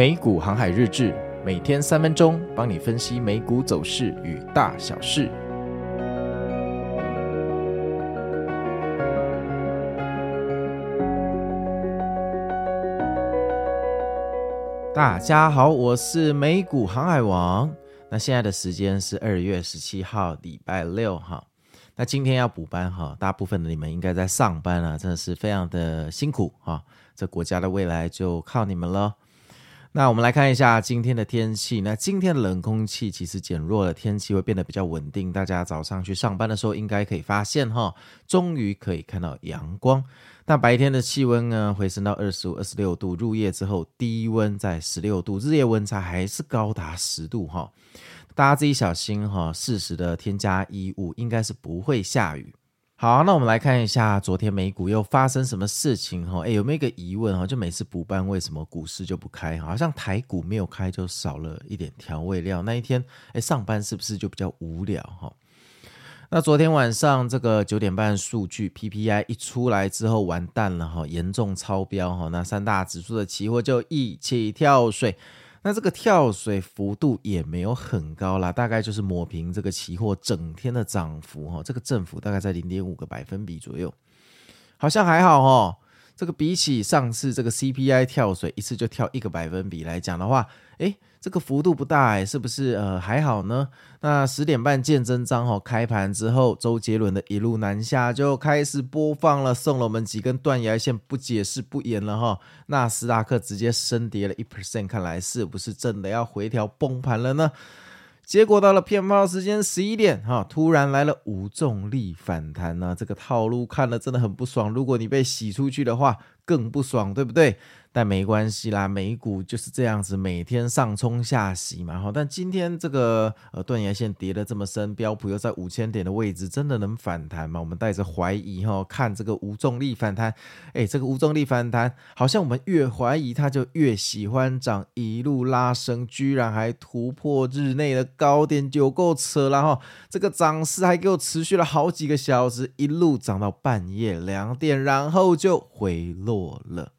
美股航海日誌，每天三分鐘，幫你分析美股走勢與大小事。大家好，我是美股航海王。那現在的時間是二月十七號，禮拜六哈。那今天要補班哈，大部分的你們應該在上班啊，真的是非常的辛苦哈。這國家的未來就靠你們了。那我們來看一下今天的天氣。那今天冷空氣其實減弱了，天氣會變得比較穩定。大家早上去上班的時候，應該可以發現哈，終於可以看到陽光。那白天的氣溫呢，回升到二十五、二十六度。入夜之後，低溫在十六度，日夜溫差還是高達十度哈。大家自己小心哈，適時的添加衣物，應該是不會下雨。好，那我們來看一下昨天美股又發生什麼事情，欸、有沒有一個疑問哈？就每次補班為什麼股市就不開？好像台股沒有開就少了一點調味料，那一天，欸、上班是不是就比較無聊哈？那昨天晚上這個九點半數據 PPI 一出來之後完蛋了哈，嚴重超標哈，那三大指數的期貨就一起跳水。那這個跳水幅度也沒有很高啦，大概就是抹平這個期貨整天的漲幅哈，這個振幅大概在零點五個百分比左右，好像還好哈、哦。這個比起上次這個 CPI 跳水一次就跳一個百分比來講的話，哎，這個幅度不大哎，是不是呃還好呢？那十點半見真章哈、哦，開盤之後周杰倫的一路南下就開始播放了，送了我們幾根斷崖線，不解釋不言了哈、哦。那斯達克直接升跌了一 percent，看來是不是真的要回調崩盤了呢？結果到了騙炮時間十一點，哈、啊，突然來了無重力反彈呢、啊，這個套路看了真的很不爽。如果你被洗出去的話，更不爽，對不對？但沒關係啦，美股就是這樣子，每天上衝下洗嘛。但今天這個呃斷崖線跌得這麼深，標普又在五千點的位置，真的能反彈嗎？我們帶着懷疑看這個無重力反彈，哎、欸，這個無重力反彈，好像我們越懷疑它就越喜歡漲，一路拉升，居然還突破日內的高點，就夠扯了、哦、這個漲勢還給我持續了好幾個小時，一路漲到半夜兩點，然後就回落。破了，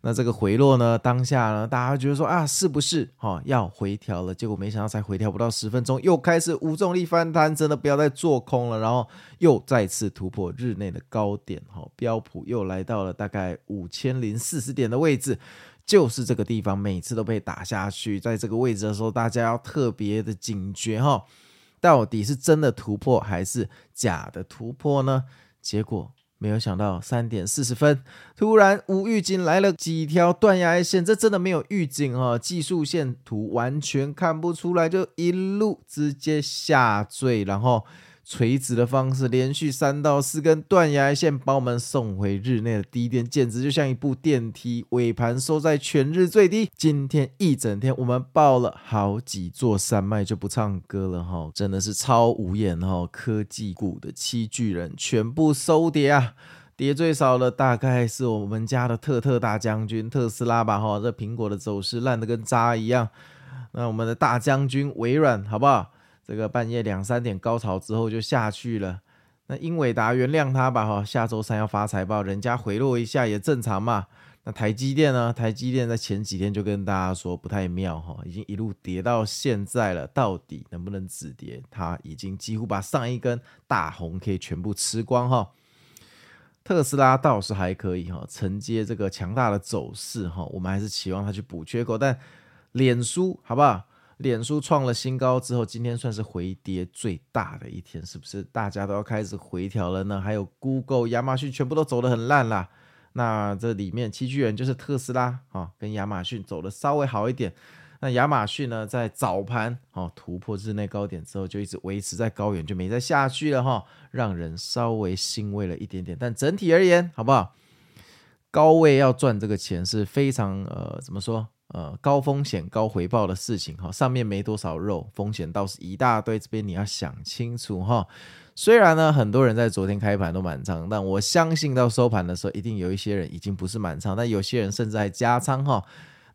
那這個回落呢？當下呢？大家覺得說啊，是不是哈、哦、要回調了？結果沒想到，才回調不到十分鐘，又開始無重力翻盤，真的不要再做空了。然後又再次突破日內的高點，哈、哦，標普又來到了大概五千零四十點的位置，就是這個地方，每次都被打下去。在這個位置的時候，大家要特別的警覺哈、哦，到底是真的突破還是假的突破呢？結果。沒有想到，三點四十分，突然無預警來了幾條斷崖線，這真的沒有預警哦。技術線圖完全看不出來，就一路直接下墜，然後。垂直的方式，連續三到四根斷崖線，把我們送回日內的低點，簡直就像一部電梯。尾盤收在全日最低。今天一整天我們爆了好幾座山脈，就不唱歌了哈，真的是超無言哈。科技股的七巨人全部收跌啊，跌最少的大概是我們家的特特大將軍特斯拉吧哈，這蘋果的走勢爛得跟渣一樣。那我們的大將軍微軟好不好？這個半夜兩三點高潮之後就下去了，那英偉達原諒他吧哈，下周三要發財報，人家回落一下也正常嘛。那台積電呢？台積電在前幾天就跟大家說不太妙哈，已經一路跌到現在了，到底能不能止跌？它已經幾乎把上一根大紅 K 全部吃光哈。特斯拉倒是還可以哈，承接這個強大的走勢哈，我們還是期望它去補缺口。但臉書好不好？臉書創了新高之後，今天算是回跌最大的一天，是不是大家都要開始回調了呢？還有 Google、亞馬遜全部都走得很爛啦。那這裡面七巨人就是特斯拉啊、哦，跟亞馬遜走得稍微好一點。那亞馬遜呢，在早盤哦突破日內高點之後，就一直維持在高遠，就沒再下去了哈、哦，讓人稍微欣慰了一點點。但整體而言，好不好？高位要賺這個錢是非常呃，怎麼說？呃，高風險高回報的事情哈、哦，上面沒多少肉，風險倒是一大堆。這邊你要想清楚哈、哦。雖然呢，很多人在昨天開盤都滿倉，但我相信到收盤的時候，一定有一些人已經不是滿倉，但有些人甚至還加倉哈、哦。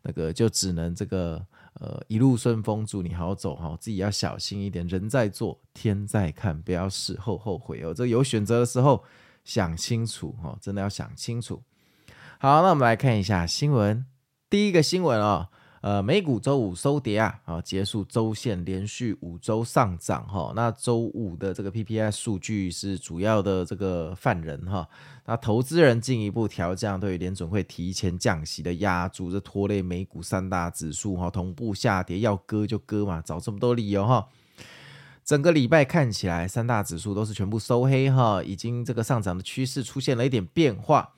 那個就只能這個呃，一路順風，祝你好走哈、哦，自己要小心一點。人在做，天在看，不要事後後悔哦。這有選擇的時候，想清楚哈、哦，真的要想清楚。好，那我們來看一下新聞。第一個新聞啊，呃，美股周五收跌啊，啊，結束周線連續五周上漲哈。那周五的這個 PPI 數據是主要的這個犯人哈。那投資人進一步調降對聯準會提前降息的押注，這拖累美股三大指數哈，同步下跌，要割就割嘛，找這麼多理由哈。整個禮拜看起來三大指數都是全部收黑哈，已經這個上漲的趨勢出現了一點變化。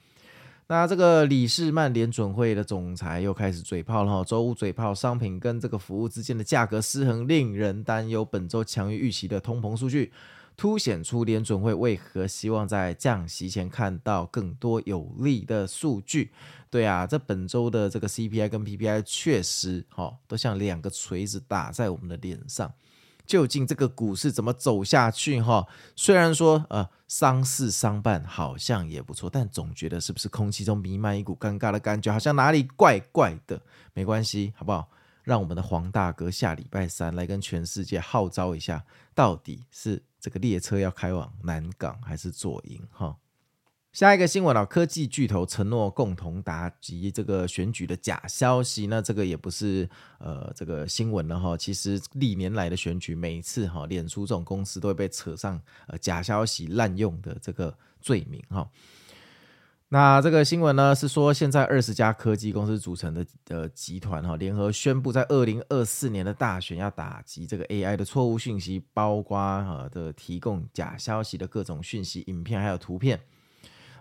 那這個里士滿聯準會的總裁又開始嘴炮了，哦，哈，周五嘴炮，商品跟這個服務之間的價格失衡令人擔憂。本周強於預期的通膨數據，凸顯出聯準會為何希望在降息前看到更多有利的數據。對啊，這本周的這個 CPI 跟 PPI 確實，哦，哈，都像兩個錘子打在我們的臉上。究竟這個股市怎麼走下去？哈，雖然說呃，商事商辦好像也不錯，但總覺得是不是空氣中彌漫一股尷尬的感覺，好像哪裡怪怪的。沒關係，好不好？讓我們的黃大哥下禮拜三來跟全世界號召一下，到底是這個列車要開往南港還是左營？哈。下一個新聞啊，科技巨頭承諾共同打擊這個選舉的假消息。那這個也不是呃，這個新聞了哈。其實歷年來的選舉，每一次哈，臉書這種公司都會被扯上呃假消息濫用的這個罪名哈、哦。那這個新聞呢，是說現在二十家科技公司組成的的、呃、集團哈，聯合宣佈在二零二四年的大選要打擊這個 AI 的錯誤訊息，包括哈的、呃這個、提供假消息的各種訊息、影片還有圖片。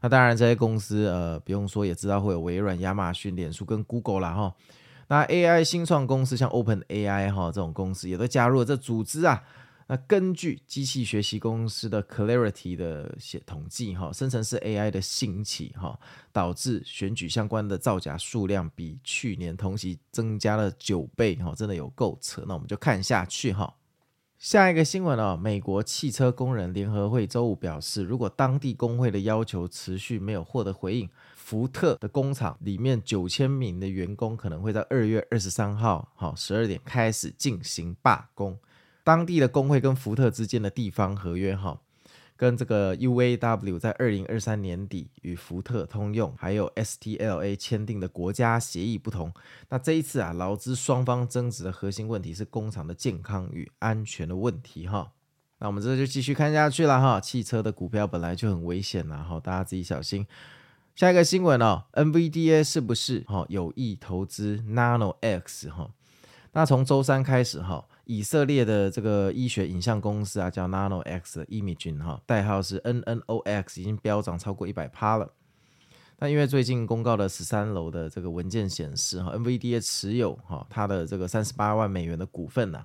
那當然，這些公司，呃，不用說也知道會有微軟、亞馬遜、臉書跟 Google 啦，哈、哦。那 AI 新創公司像 OpenAI 哈、哦、這種公司也都加入了這組織啊。那、啊、根據機器學習公司的 Clarity 的寫統計哈、哦，生成式 AI 的興起哈、哦，導致選舉相關的造假數量比去年同期增加了九倍哈、哦，真的有夠扯。那我們就看下去哈。哦下一個新聞哦，美國汽車工人聯合會周五表示，如果當地工會的要求持續沒有獲得回應，福特的工廠裡面九千名的員工可能會在二月二十三號，好十二點開始進行罷工。當地的工會跟福特之間的地方合約、哦，哈。跟這個 UAW 在二零二三年底與福特、通用還有 STLA 簽訂的國家協議不同，那這一次啊勞資雙方爭執的核心問題是工廠的健康與安全的問題哈。那我們這就繼續看下去了哈。汽車的股票本來就很危險吶，哈，大家自己小心。下一個新聞哦，NVDA 是不是哈有意投資 Nano X 哈？那從周三開始哈。以色列的這個醫學影像公司啊，叫 Nano X Imaging 哈，代號是 N N O X，已經飆漲超過一百趴了。那因為最近公告的十三樓的這個文件顯示哈，N V D A 持有哈它的這個三十八萬美元的股份啊。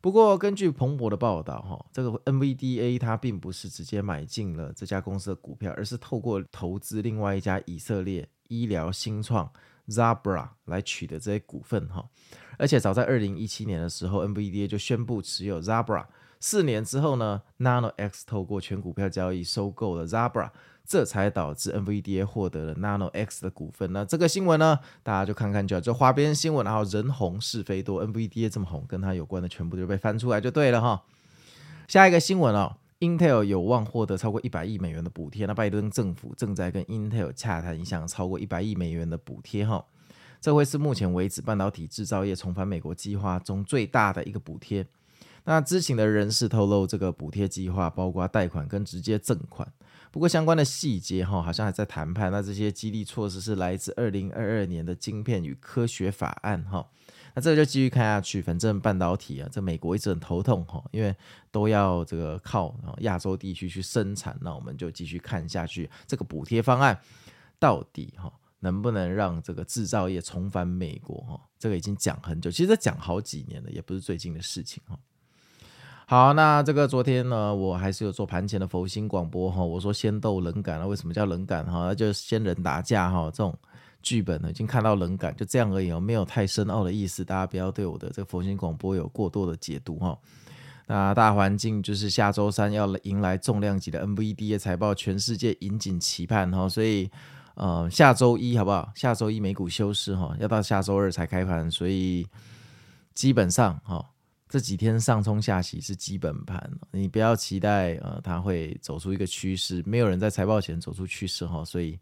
不過根據彭博的報道哈，這個 N V D A 它並不是直接買進了這家公司的股票，而是透過投資另外一家以色列醫療新創 Zebra 來取得這些股份哈。而且早在二零一七年的時候，NVDA 就宣布持有 Zebra。四年之後呢，Nano X 透過全股票交易收購了 Zebra，這才導致 NVDA 獲得了 Nano X 的股份。那這個新聞呢，大家就看看就、啊，就花邊新聞，然後人紅是非多，NVDA 這麼紅，跟它有關的全部就被翻出來就對了哈。下一個新聞哦，Intel 有望獲得超過一百億美元的補貼。那拜登政府正在跟 Intel 洽談一項超過一百億美元的補貼哈。這會是目前為止半導體製造業重返美國計劃中最大的一個補貼。那知情的人士透露，這個補貼計劃包括貸款跟直接贈款。不過相關的細節哈，好像還在談判。那這些激勵措施是來自二零二二年的晶片與科學法案哈。那這就繼續看下去，反正半導體啊，在美國一直很頭痛哈，因為都要這個靠亞洲地區去生產。那我們就繼續看下去，這個補貼方案到底哈。能不能讓這個製造業重返美國？哈，這個已經講很久，其實講好幾年了，也不是最近的事情。好，那這個昨天呢，我還是有做盤前的佛心廣播。哈，我說仙鬥冷感了，為什麼叫冷感？哈，就是仙人打架。哈，這種劇本呢，已經看到冷感，就這樣而已，沒有太深奧的意思。大家不要對我的這個佛心廣播有過多的解讀。哈，那大環境就是下周三要迎來重量級的 NVDA 財報，全世界引頸期盼。哈，所以。呃，下周一好不好？下周一美股休市哈、哦，要到下周二才開盤，所以基本上哈、哦，這幾天上沖下洗是基本盤，你不要期待呃，它會走出一個趨勢，沒有人在財報前走出趨勢哈、哦，所以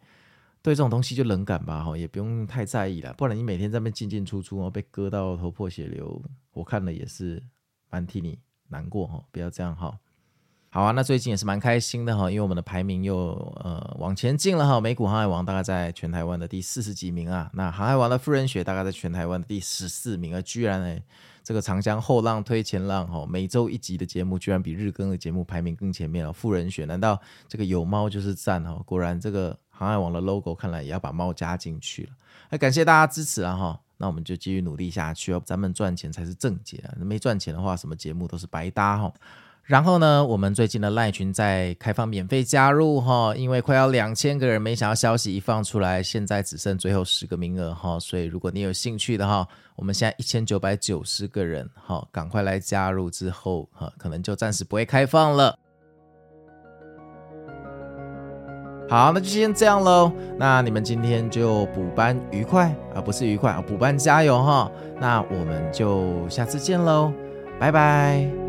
對這種東西就冷感吧哈、哦，也不用太在意了，不然你每天在那邊進進出出啊、哦，被割到頭破血流，我看了也是蠻替你難過哈、哦，不要這樣哈。哦好啊，那最近也是蠻開心的哈，因為我們的排名又呃往前進了哈。美股航海王大概在全台灣的第四十幾名啊，那航海王的富人學大概在全台灣的第十四名，啊。居然哎，這個長江後浪推前浪哈，每周一集的節目居然比日更的節目排名更前面。富人學難道這個有貓就是讚哈？果然這個航海王的 logo 看來也要把貓加進去了。哎，感謝大家支持啊。哈，那我們就繼續努力下去哦，咱們賺錢才是正經，沒賺錢的話什麼節目都是白搭哈。然後呢，我們最近的 Line 群在開放免費加入哈，因為快要兩千個人，沒想到消息一放出來，現在只剩最後十個名額哈，所以如果你有興趣的話，我們現在一千九百九十個人哈，趕快來加入之後哈，可能就暫時不會開放了。好，那就先這樣嘍。那你們今天就補班愉快啊、呃，不是愉快啊，補班加油哈。那我們就下次見嘍，拜拜。